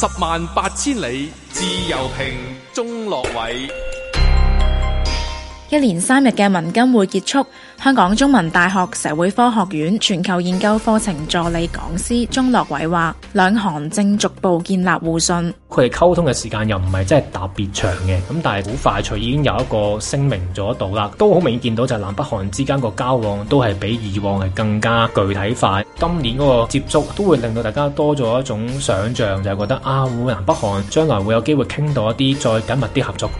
十萬八千里，自由評，鍾樂偉。一連三日嘅文金會結束，香港中文大學社會科學院全球研究課程助理講師鍾樂偉話，兩韓正逐步建立互信，佢哋溝通嘅時間又唔係真係特別長嘅，咁但係好快就已經有一個聲明咗到啦，都好明顯見到就南北韓之間個交往都係比以往係更加具體化。今年嗰個接觸都會令到大家多咗一種想象，就係、是、覺得啊，會南北韓將來會有機會傾到一啲再緊密啲合作。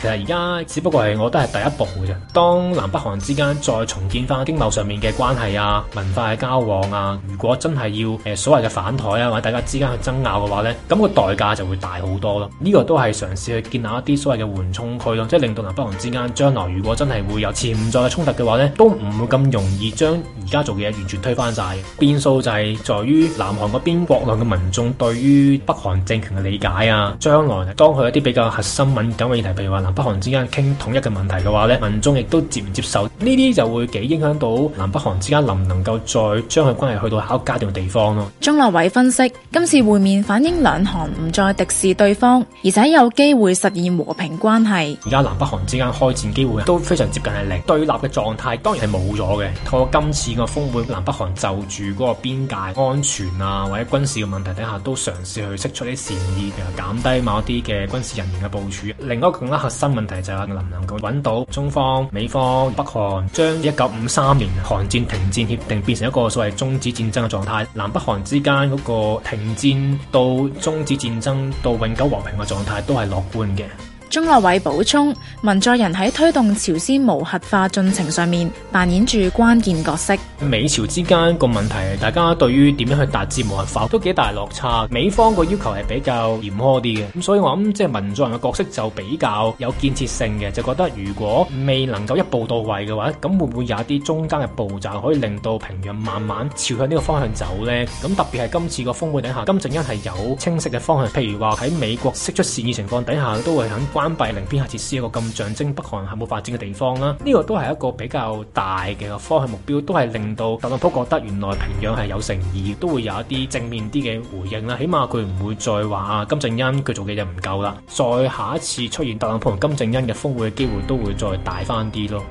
其實而家只不過係我覺得係第一步嘅啫。當南北韓之間再重建翻經貿上面嘅關係啊、文化嘅交往啊，如果真係要、呃、所謂嘅反台啊或者大家之間去爭拗嘅話呢，咁個代價就會大好多咯。呢、這個都係嘗試去建立一啲所謂嘅緩衝區咯，即係令到南北韓之間將來如果真係會有潛在嘅衝突嘅話呢，都唔會咁容易將而家做嘢完全推翻晒。變數就係在於南韓嗰邊國內嘅民眾對於北韓政權嘅理解啊，將來當當佢一啲比較核心敏感嘅議題，譬如話南北韓之間傾統一嘅問題嘅話咧，民眾亦都接唔接受呢啲，就會幾影響到南北韓之間能唔能夠再將佢關係去到考慮階段嘅地方咯。鍾樂偉分析，今次會面反映兩韓唔再敵視對方，而且有機會實現和平關係。而家南北韓之間開戰機會都非常接近係零，對立嘅狀態當然係冇咗嘅。透過今次個峰會，南北韓就住嗰個邊界安全啊，或者軍事嘅問題底下，都嘗試去釋出啲善意，減低某一啲嘅軍事人員嘅部署。另外一個更加核新問題就係能唔能夠揾到中方、美方、北韓將一九五三年韓戰停戰協定變成一個所謂終止戰爭嘅狀態，南北韓之間嗰個停戰到終止戰爭到永久和平嘅狀態都係樂觀嘅。鍾樂偉補充，文在寅喺推動朝鮮無核化進程上面扮演住關鍵角色。美朝之間個問題，大家對於點樣去達至無核化都幾大落差。美方個要求係比較嚴苛啲嘅，咁所以我諗即係文在寅嘅角色就比較有建設性嘅，就覺得如果未能夠一步到位嘅話，咁會唔會有一啲中間嘅步驟可以令到平壤慢慢朝向呢個方向走呢？咁特別係今次個峰會底下，金正恩係有清晰嘅方向，譬如話喺美國釋出善意情況底下，都會肯關關閉零邊核設施，一個咁象徵北韓係冇發展嘅地方啦，呢、這個都係一個比較大嘅方向目標，都係令到特朗普覺得原來平壤係有誠意，亦都會有一啲正面啲嘅回應啦。起碼佢唔會再話，啊金正恩佢做嘅嘢唔夠啦。再下一次出現特朗普同金正恩嘅峰會嘅機會，都會再大翻啲咯。